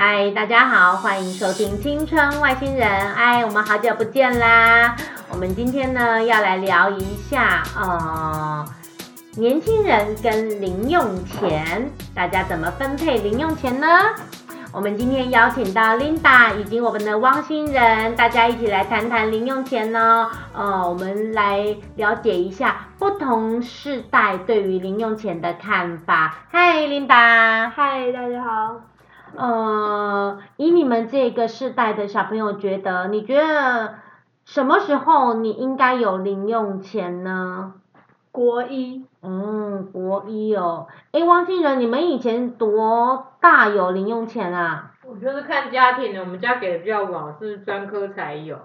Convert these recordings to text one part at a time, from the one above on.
嗨，Hi, 大家好，歡迎收聽《青春外星人》。哎，我們好久不見啦！我們今天呢要來聊一下，呃，年輕人跟零用錢，大家怎麼分配零用錢呢？我們今天邀請到 Linda 以及我們的汪星人，大家一起來談談零用錢呢、哦？呃，我們來了解一下不同世代對於零用錢的看法。嗨，Linda！嗨，Hi, 大家好。呃，以你們這個世代的小朋友覺得，你覺得什麼時候你應該有零用錢呢？國一，嗯，國一哦，誒，汪星人，你們以前多大有零用錢啊？我就是看家庭的，我們家給的比較晚，是專科才有。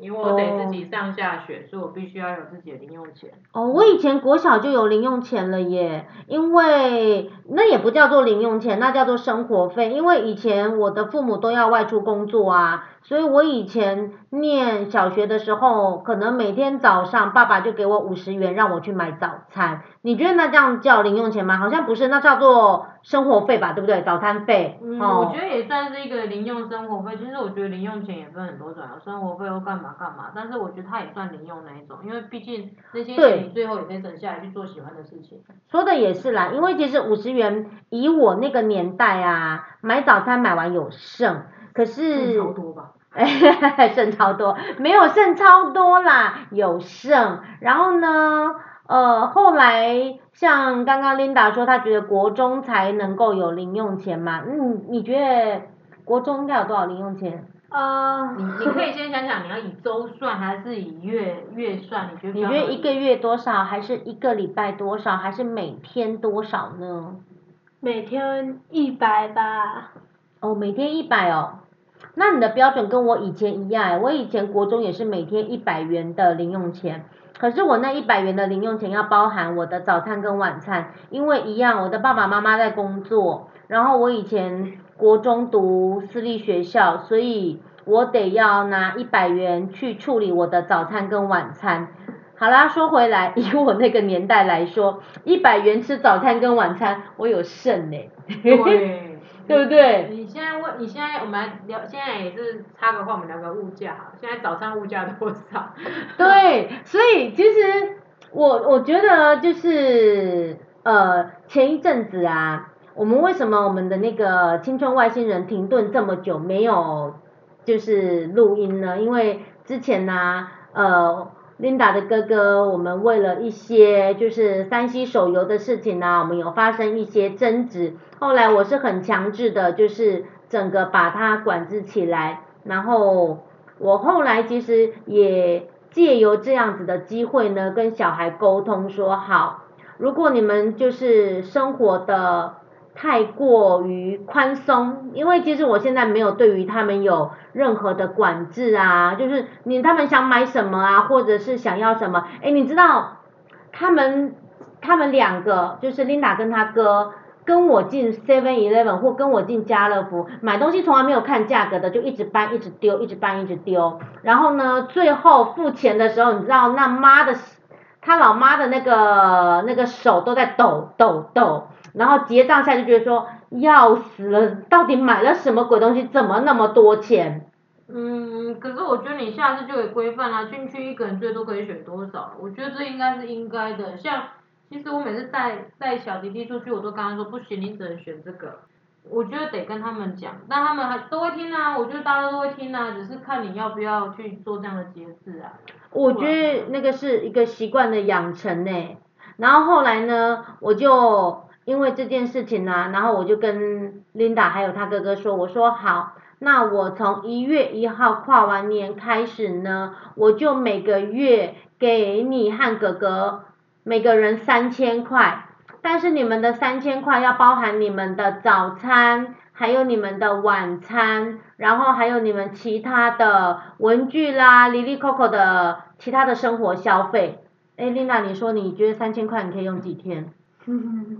因為我得自己上下學，oh, 所以我必須要有自己的零用錢。哦，oh, 我以前國小就有零用錢了耶，因為那也不叫做零用錢，那叫做生活費，因為以前我的父母都要外出工作啊。所以，我以前念小學的時候，可能每天早上爸爸就給我五十元，讓我去買早餐。你覺得那這樣叫零用錢嗎？好像不是，那叫做生活費吧，對不對？早餐費。哦、嗯，我覺得也算是一個零用生活費。其實我覺得零用錢也分很多種，生活費又幹嘛幹嘛，但是我覺得它也算零用那一種，因為畢竟那些錢對你最後也可以省下來去做喜歡的事情。說的也是啦，因為其實五十元，以我那個年代啊，買早餐買完有剩。可是剩超多吧？哎，剩超多，沒有剩超多啦，有剩。然後呢？呃，後來像剛剛 Linda 說，她覺得國中才能夠有零用錢嘛。嗯，你覺得國中應該有多少零用錢？啊，呃，你你可以先想想，你要以周算還是以月月算？你覺得你覺得一個月多少，還是一個禮拜多少，還是每天多少呢？每天一百吧。哦，每天一百哦。那你的標準跟我以前一樣、欸、我以前國中也是每天一百元的零用錢，可是我那一百元的零用錢要包含我的早餐跟晚餐，因為一樣，我的爸爸媽媽在工作，然後我以前國中讀私立學校，所以我得要拿一百元去處理我的早餐跟晚餐。好啦，說回來，以我那個年代來說，一百元吃早餐跟晚餐，我有剩嘞、欸。 對不對？你現在問，你現在我們聊，現在也是差個話，我們聊個物價，現在早上物價多少？對，所以其實我我覺得就是呃，前一陣子啊，我們為什麼我們的那個青春外星人停頓這麼久沒有就是錄音呢？因為之前呢、啊，呃。琳達的哥哥，我們為了一些就是 3C 手遊的事情呢，我們有發生一些爭執。後來我是很強制的，就是整個把它管制起來。然後我後來其實也借由這樣子的機會呢，跟小孩溝通說好，如果你們就是生活的。太過於寬鬆，因為其實我現在沒有對於他們有任何的管制啊，就是你他們想買什麼啊，或者是想要什麼，哎，你知道他們他們兩個就是 Linda 跟他哥跟我進 Seven Eleven 或跟我進家樂福買東西從來沒有看價格的，就一直搬一直丟，一直搬一直丟，然後呢，最後付錢的時候，你知道那媽的，他老媽的那個那個手都在抖抖抖抖。然後結賬下就覺得說要死了，到底買了什麼鬼東西？怎麼那麼多錢？嗯，可是我覺得你下次就得規範啦、啊，進去一個人最多可以選多少？我覺得這應該是應該的。像其實我每次帶帶小弟弟出去，我都跟他說不行，你只能選這個。我覺得得跟他們講，但他們還都會聽啊。我覺得大家都會聽啊，只是看你要不要去做這樣的節制啊。我覺得那個是一個習慣的養成呢、欸。然後後來呢，我就。因為這件事情呢、啊，然後我就跟琳達還有他哥哥說，我說好，那我從一月一號跨完年開始呢，我就每個月給你和哥哥每個人三千塊，但是你們的三千塊要包含你們的早餐，還有你們的晚餐，然後還有你們其他的文具啦，哩哩扣扣的其他的生活消費。哎琳達，Linda, 你說你覺得三千塊你可以用幾天？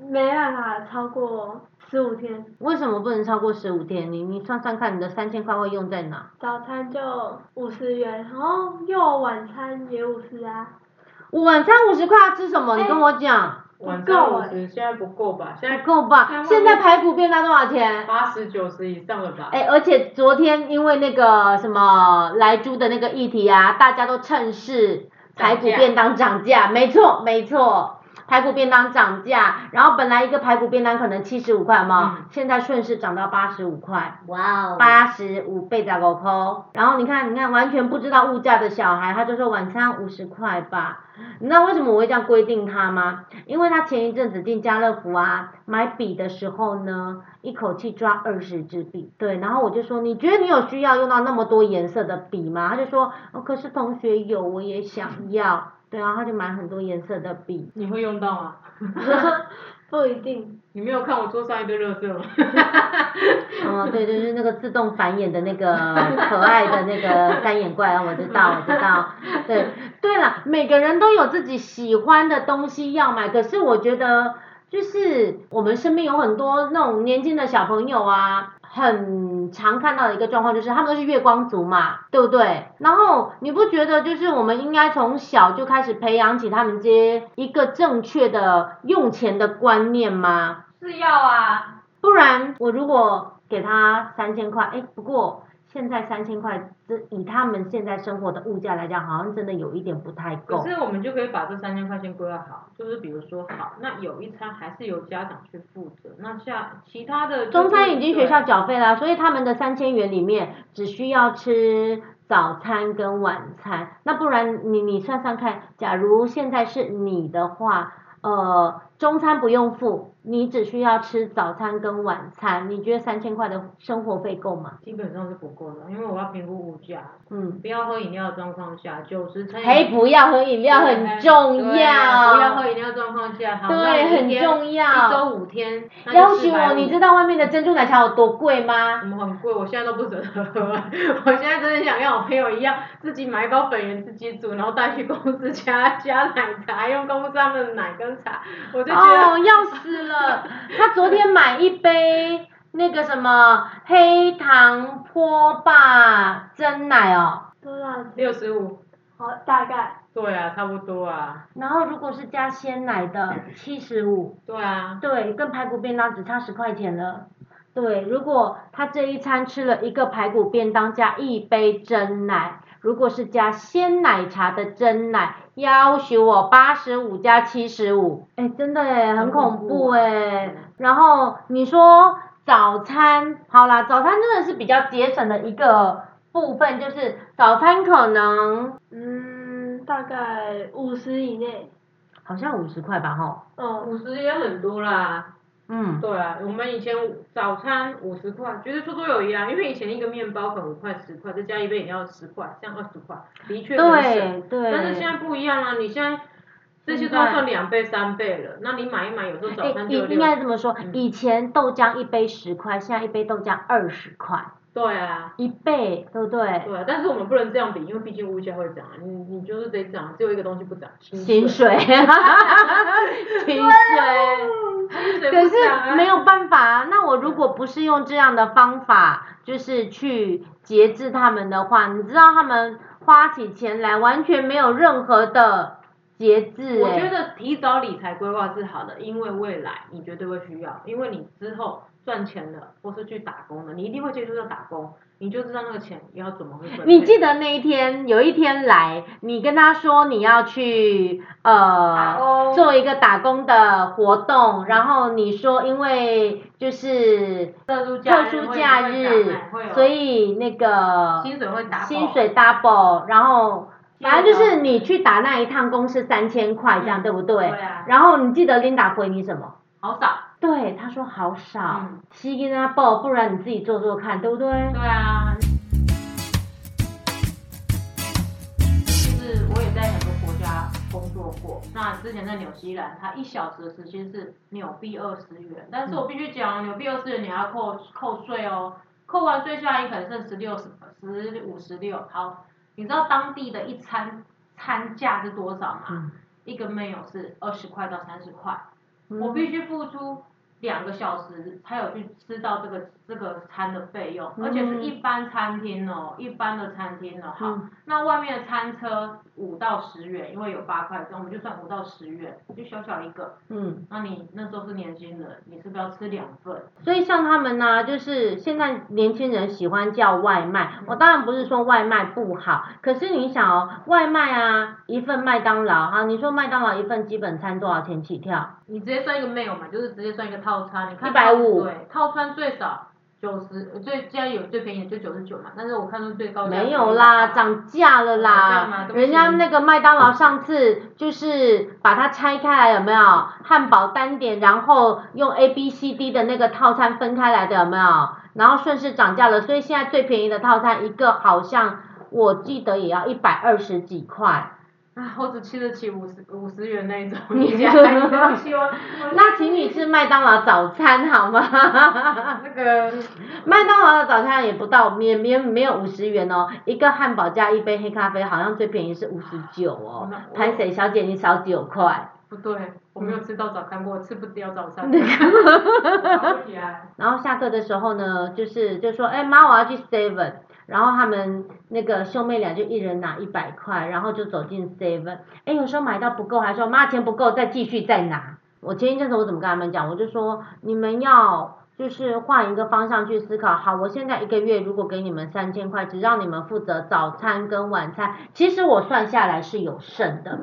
沒辦法，超過十五天。為什麼不能超過十五天？你你算算看，你的三千塊會用在哪？早餐就五十元，然後又晚餐也五十啊。晚餐五十塊要吃什麼？欸、你跟我講。晚餐五十，現在不夠吧？現在不夠吧，不夠吧？現在排骨便當多少錢？八十九十以上了吧？哎、欸，而且昨天因為那個什麼萊豬的那個議題啊，大家都趁勢排骨便當漲價，沒錯下沒錯。沒錯排骨便當漲價，然後本來一個排骨便當可能七十五塊嘛，現在順勢漲到八十五塊，哇哦 Wow，八十五倍在高拋。然後你看，你看，完全不知道物價的小孩，他就說晚餐五十塊吧。你知道為什麼我會這樣規定他嗎？因為他前一陣子進家樂福啊，買筆的時候呢，一口氣抓二十支筆，對，然後我就說，你覺得你有需要用到那麼多顏色的筆嗎？他就說，哦，可是同學有，我也想要。對啊，他就買很多顏色的筆。你會用到嗎、啊？ 不一定。你沒有看我桌上一堆熱色嗎？啊、 嗯，對對，就是那個自動繁衍的那個可愛的那個三眼怪，我知道，我知道。對，對了，每個人都有自己喜歡的東西要買，可是我覺得，就是我們身邊有很多那種年輕的小朋友啊。很常看到的一個狀況，就是他們都是月光族嘛，對不對？然後你不覺得就是我們應該從小就開始培養起他們這些一個正確的用錢的觀念嗎？是要啊，不然我如果給他三千塊，誒，不過。現在三千塊，這以他們現在生活的物價來講，好像真的有一點不太夠。可是我們就可以把這三千塊錢規劃好，就是比如說，好，那有一餐還是由家長去負責，那像其他的、就是、中餐已經學校繳費了，對所以他們的三千元裡面只需要吃早餐跟晚餐。那不然你你算算看，假如現在是你的話，呃。中餐不用付，你只需要吃早餐跟晚餐。你覺得三千塊的生活費夠嗎？基本上是不夠的，因為我要評估物價。嗯。不要喝飲料的狀況下，九十乘以。哎，不要喝飲料很重要。不要喝飲料狀況下，對，很重要。一周五天。5, 要求我，你知道外面的珍珠奶茶有多貴嗎？嗯、很貴，我現在都不捨得喝。 我現在真的想跟我朋友一樣，自己買一包粉圓自己煮，然後帶去公司加加奶茶，用公司他們的奶跟茶。我。 哦，要死了！他昨天買一杯那個什麼黑糖波霸珍奶哦，多少？六十五。好，大概。對啊，差不多啊。然後，如果是加鮮奶的，七十五。對啊。對，跟排骨便當只差十塊錢了。對，如果他這一餐吃了一個排骨便當加一杯珍奶，如果是加鮮奶茶的珍奶，要求我八十五加七十五，哎、欸，真的哎，很恐怖哎。怖然後你說早餐，好啦，早餐真的是比較節省的一個部分，就是早餐可能，嗯，大概五十以內，好像五十塊吧齁，哈。嗯，五十也很多啦。嗯，對啊，我們以前早餐五十塊，覺得綽綽有餘啊，因為以前一個麵包粉五塊十塊，再加一杯飲料十塊，這樣二十塊，的確很省。對對。對但是現在不一樣了、啊，你現在這些都要算兩倍三倍了，對那你買一買，有時候早餐就有 6,、欸、應應該怎麼說，嗯、以前豆漿一杯十塊，現在一杯豆漿二十塊。對啊，一倍，都對不對？對啊，但是我們不能這樣比，因為畢竟物價會漲，你你就是得漲，只有一個東西不漲，薪水薪水。薪 水，薪水、啊。可是沒有辦法啊。那我如果不是用這樣的方法，就是去節制他們的話，你知道他們花起錢來完全沒有任何的節制、欸。我覺得提早理財規劃是好的，因為未來你絕對會需要，因為你之後。賺錢的，或是去打工的，你一定會接觸到打工，你就知道那個錢要怎麼會。你記得那一天，有一天來，你跟他說你要去呃工做一個打工的活動，然後你說因為就是特殊假日，所以那個薪水會打，薪水 double，然後反正就是你去打那一趟工是三千塊這樣，嗯，對不對？對啊。然後你記得 Linda 回你什麼？好少。對，他說好少，先跟他報，不然你自己做做看，對不對？對啊。就是我也在很多國家工作過，那之前在紐西蘭，它一小時的時薪是紐幣二十元，但是我必須講，紐幣二十元你要扣扣稅哦，扣完稅下來你可能剩十六十十五十六。好，你知道當地的一餐餐價是多少嗎？嗯、一個 meal 是二十塊到三十塊，嗯、我必須付出。兩個小時才有去吃到這個。這個餐的費用，而且是一般餐廳哦，嗯、一般的餐廳的哈，嗯、那外面的餐車五到十元，因為有八塊羹，所以我們就算五到十元，就小小一個。嗯，那你那時候是年輕人，你是不是要吃兩份？所以像他們呢，就是現在年輕人喜歡叫外賣。嗯、我當然不是說外賣不好，可是你想哦，外賣啊，一份麥當勞哈，你說麥當勞一份基本餐多少錢起跳？你直接算一個 meal 嘛，就是直接算一個套餐，你看，一百五，對，套餐最少。九十最既然有最便宜的就九十九嘛，但是我看到最高沒有啦，漲價了啦，啊、都不行，人家那個麥當勞上次就是把它拆開來有沒有，漢堡單點，然後用 A B C D 的那個套餐分開來的有沒有，然後順勢漲價了，所以現在最便宜的套餐一個好像我記得也要一百二十幾塊。啊，或者吃得起五十五十元那一種，那請你吃麥當勞早餐好嗎？那個麥當勞的早餐也不到，面面沒有五十元哦、喔，一個漢堡加一杯黑咖啡好像最便宜是五十九哦，拍謝我小姐你少九塊。不對，我沒有吃到早餐過，我吃不掉早餐。 然後下課的時候呢，就是就說，哎、欸、媽，我要去 seven。然後他們那個兄妹倆就一人拿一百塊，然後就走進 seven。哎，有時候買到不夠，還說媽錢不夠，再繼續再拿。我前一陣子我怎麼跟他們講？我就說你們要就是換一個方向去思考。好，我現在一個月如果給你們三千塊，只讓你們負責早餐跟晚餐。其實我算下來是有剩的。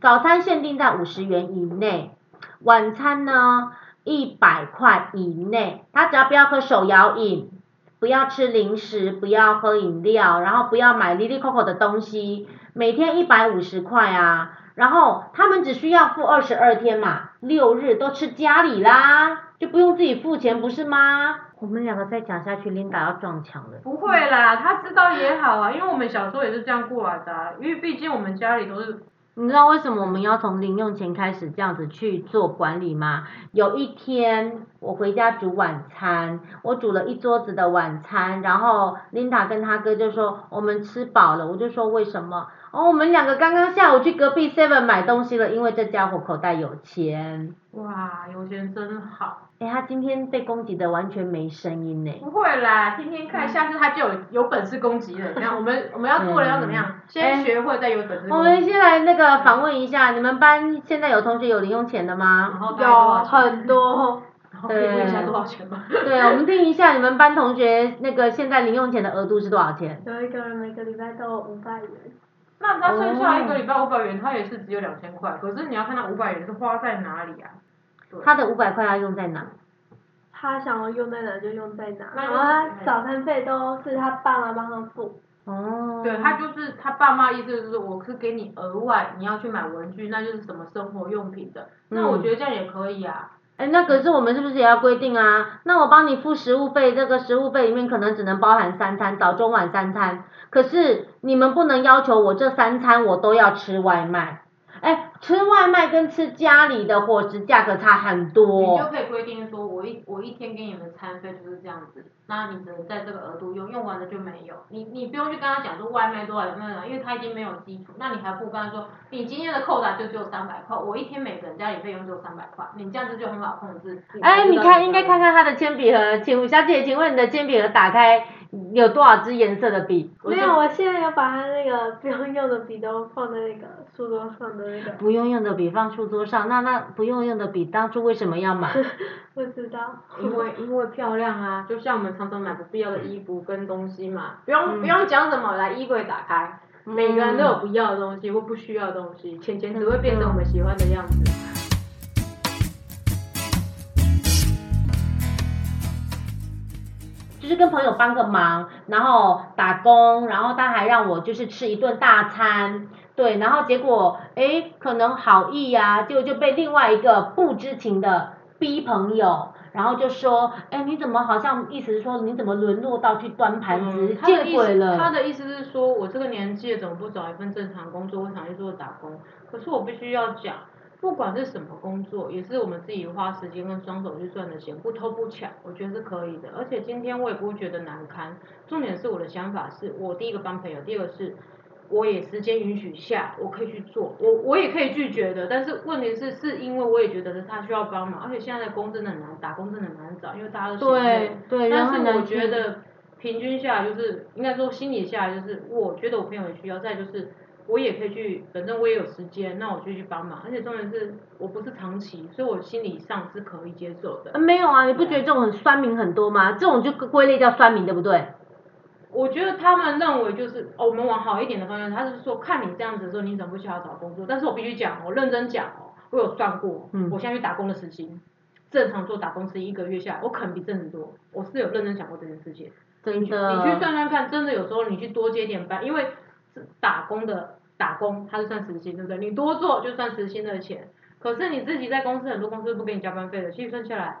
早餐限定在五十元以內，晚餐呢一百塊以內，他只要不要喝手搖飲。不要吃零食，不要喝飲料，然後不要買哩哩扣扣東西，每天一百五十塊啊，然後他們只需要付二十二天嘛，六日都吃家裡啦，就不用自己付錢，不是嗎？我們兩個再講下去，琳達要撞牆了。不會啦，他知道也好啊，因為我們小時候也是這樣過來的啊，因為畢竟我們家裡都是。你知道為什麼我們要從零用錢開始這樣子去做管理嗎？有一天我回家煮晚餐，我煮了一桌子的晚餐，然後 Linda 跟他哥就說，我們吃飽了，我就說，為什麼？哦，我們兩個剛剛下午去隔壁 Seven 買東西了，因為這家夥口袋有錢。哇，有錢真好。哎、欸，他今天被攻擊的完全沒聲音呢。不會啦，天天看，下次他就有、嗯、有本事攻擊了。然後我們我們要做了要怎麼樣？欸、先學會再有本事、欸。我們先來那個訪問一下，你們班現在有同學有零用錢的嗎？然後有很多。 然後可以問一下多少錢嗎？ 對，我們定一下你們班同學那個現在零用錢的額度是多少錢？有一個人每個禮拜都有五百元。那他剩下一個禮拜五百元，哦、他也是只有兩千塊。可是你要看他五百元是花在哪裡啊？他的五百塊要用在哪？他想要用在哪就用在哪。他就是、然後他早餐費都是他爸媽幫他付。哦。對，他就是，他爸媽意思就是我是給你額外，你要去買文具那就是什麼生活用品的。那我覺得這樣也可以啊。嗯唉，那可是我們是不是也要規定啊？那我幫你付食物費，這、那個食物費裡面可能只能包含三餐，早、中、晚三餐。可是你們不能要求我這三餐我都要吃外賣，唉。吃外賣跟吃家裡的伙食價格差很多哦。你就可以規定說，我一我一天給你們餐費就是這樣子，那你只能在這個額度用，用完了就沒有，你你不用去跟他講說外賣多少錢了，因為他已經沒有基礎，那你還不如跟他說，你今天的扣打就只有三百塊，我一天每個人家裡費用就三百塊，你這樣子就很好控制。哎，你看應該看看他的鉛筆盒，請小姐，請問你的鉛筆盒打開有多少支顏色的筆？沒有，我現在要把他那個不用用的筆都放在那個書桌上的那個。不用用的筆放書桌上，那那不用用的筆當初為什麼要買？不 知道，因為因為漂亮啊，就像我們常常買不必要的衣服跟東西嘛，不用、嗯、不用講什麼，來衣櫃打開，每個人都有不要的東西或不需要的東西，錢錢、嗯、只會變成我們喜歡的樣子。嗯嗯就是跟朋友幫個忙，然後打工，然後他還讓我就是吃一頓大餐，對，然後結果哎，可能好意呀、啊，就就被另外一個不知情的逼朋友，然後就說，哎，你怎麼好像意思是說你怎麼淪落到去端盤子？嗯、見鬼了，他的，他的意思是說我這個年紀怎麼不找一份正常工作？我想去做打工，可是我必須要講。不管是什麼工作，也是我們自己花時間跟雙手去賺的錢，不偷不搶，我覺得是可以的。而且今天我也不會覺得難堪。重點是我的想法是，我第一個幫朋友，第二個是，我也時間允許下，我可以去做。我我也可以拒絕的，但是問題是，是因為我也覺得是他需要幫忙，而且現在的工真的很難，打工真的很難找，因為大家都相對。對，但是我覺得平均下來就是，應該說心理下來就是，我覺得我朋友也需要，再就是。我也可以去，反正我也有時間，那我就去幫忙。而且重點是，我不是長期，所以我心理上是可以接受的。沒有啊，你不覺得這種很酸民很多嗎？嗯、這種就歸類叫酸民，對不對？我覺得他們認為就是，哦、我們往好一點的方向，他是說看你這樣子的時候，你怎麼不想要好找工作？但是我必須講，我認真講哦，我有算過，嗯、我現在去打工的時薪，正常做打工是一個月下來，我可能比掙很多。我是有認真講過這件事情。真的。你，你去算算看，真的有時候你去多接點班，因為。打工的打工，他是算時薪，對不對？你多做就算時薪的錢，可是你自己在公司，很多公司不給你加班費的，其實算下來，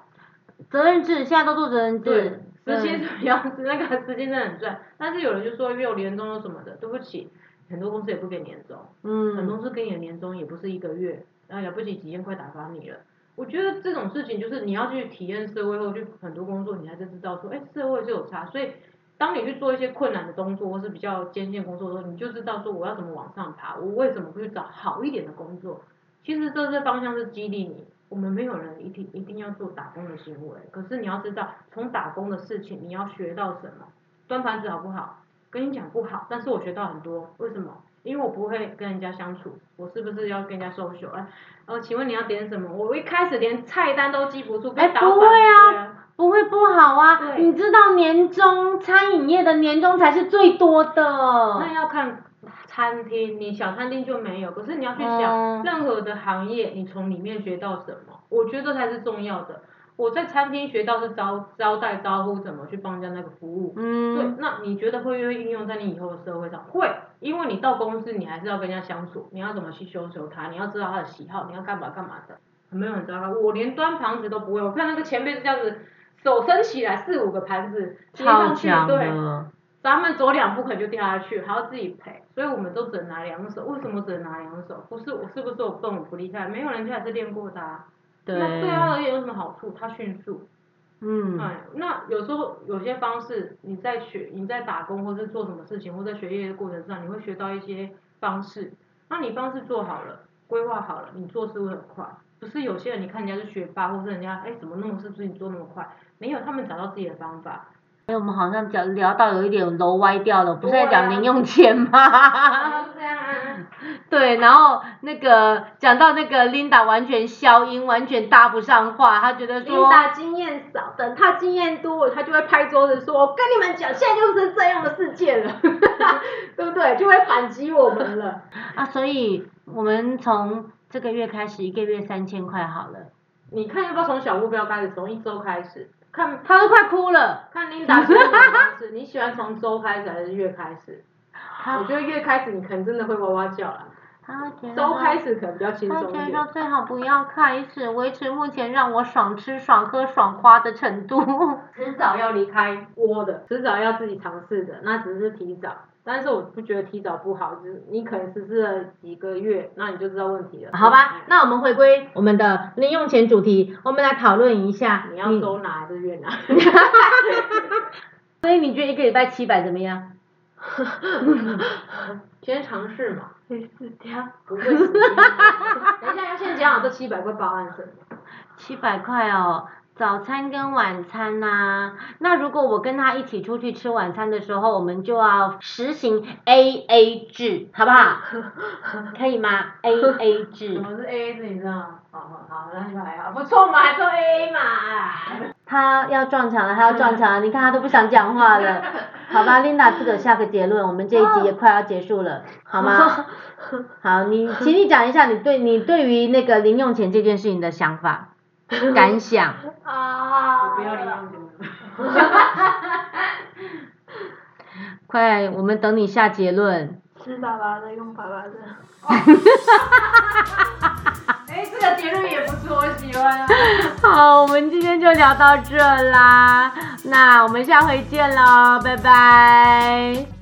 責任制現在都做責任制，時薪什麼樣？那個時薪真的很賺，對但是有人就說因為我有年終什麼的，對不起，很多公司也不給年終，嗯，很多公司給你的年終也不是一個月，那了不起幾千塊打發你了。我覺得這種事情就是你要去體驗社會後，去很多工作你還是知道說，哎，社會是有差，所以。當你去做一些困難的工作或是比較艱辛的工作的時候，你就知道說我要怎麼往上爬，我為什麼不去找好一點的工作？其實這些方向是激勵你。我們沒有人一定一定要做打工的行為，可是你要知道，從打工的事情你要學到什麼？端盤子好不好？跟你講不好，但是我學到很多。為什麼？因為我不會跟人家相處，我是不是要跟人家收收然後，請問你要點什麼？我一開始連菜單都記不住，哎、欸，不會啊。不會不好啊，對你知道年終餐飲業的年終才是最多的。那要看餐廳，你小餐廳就沒有。可是你要去想，嗯、任何的行業，你從裡面學到什麼，我覺得才是重要的。我在餐廳學到是招招待招呼怎麼去幫人家那個服務。嗯。對，那你覺得會不會運用在你以後的社會上？會，因為你到公司你還是要跟人家相處，你要怎麼去修修他，你要知道他的喜好，你要幹嘛幹嘛的。沒有很糟糕，我連端盤子都不會。我看那個前輩是這樣子。手伸起來四五個盤子疊上去，對，咱們走兩步可能就掉下去，還要自己賠，所以我們都只能拿兩個手。為什麼只能拿兩個手？不是我是不是我動作不厲害？沒有，人家也是練過的啊。對。那對他而言有什麼好處？他迅速。嗯。哎、嗯，那有時候有些方式，你在學、你在打工或者做什麼事情，或在學業的過程上，你會學到一些方式。那你方式做好了，規劃好了，你做事會很快。不是有些人，你看人家是學霸，或是人家哎怎麼那麼是不是你做那麼快？沒有，他們找到自己的方法。為、欸、我們好像講聊到有一點樓歪掉了，不是在講零用錢嗎？這、oh, yeah. 對，然後那個講到那個 Linda 完全消音，完全搭不上話，她覺得說，Linda 經驗少，等她經驗多了，她就會拍桌子說：“我跟你們講，現在就是這樣的世界了， 對不對？”就會反擊我們了。 啊，所以我們從這個月開始，一個月三千塊好了。你看要不要從小目標開始，從一周開始？他看都快哭了。看琳達是什麼樣子 你喜歡從周開始還是月開始？啊、我覺得月開始你可能真的會哇哇叫了。周開始可能比較輕鬆一點。我覺得說最好不要開始，維、啊、持目前讓我爽吃、爽喝、爽花的程度。遲 早要離開窩的，遲早要自己嘗試的，那只是提早。但是我不覺得提早不好，就是你可能試試了幾個月，那你就知道問題了。好吧，嗯、那我們回歸我們的零用錢主題，我們來討論一下。你要週拿還是月拿？哈哈哈哈哈，所以你覺得一個禮拜七百怎麼樣？哈哈哈。先嘗試嘛。第四天，不會是七百？等一下要先講好這七百塊包含什麼？七百塊哦，早餐跟晚餐吶、啊。那如果我跟他一起出去吃晚餐的時候，我們就要實行 A A 制，好不好？ 可以嗎 ？A A 制。什麼是 A A 制你知道嗎？好好好，好那還好、啊，不錯嘛，還做 A A 嘛。 他要撞牆了，他要撞牆了！ 你看他都不想講話了， 好吧，Linda 自個下個結論，我們這一集也快要結束了， 好嗎？好，你，請你講一下你對你對於那個零用錢這件事情的想法、 感想。啊、uh！ 不要零用錢 快，我們等你下結論。吃爸爸的，用爸爸的。Oh! 哎，這個結論也不錯，我喜歡啊。好，我們今天就聊到這啦，那我們下回見嘍，拜拜。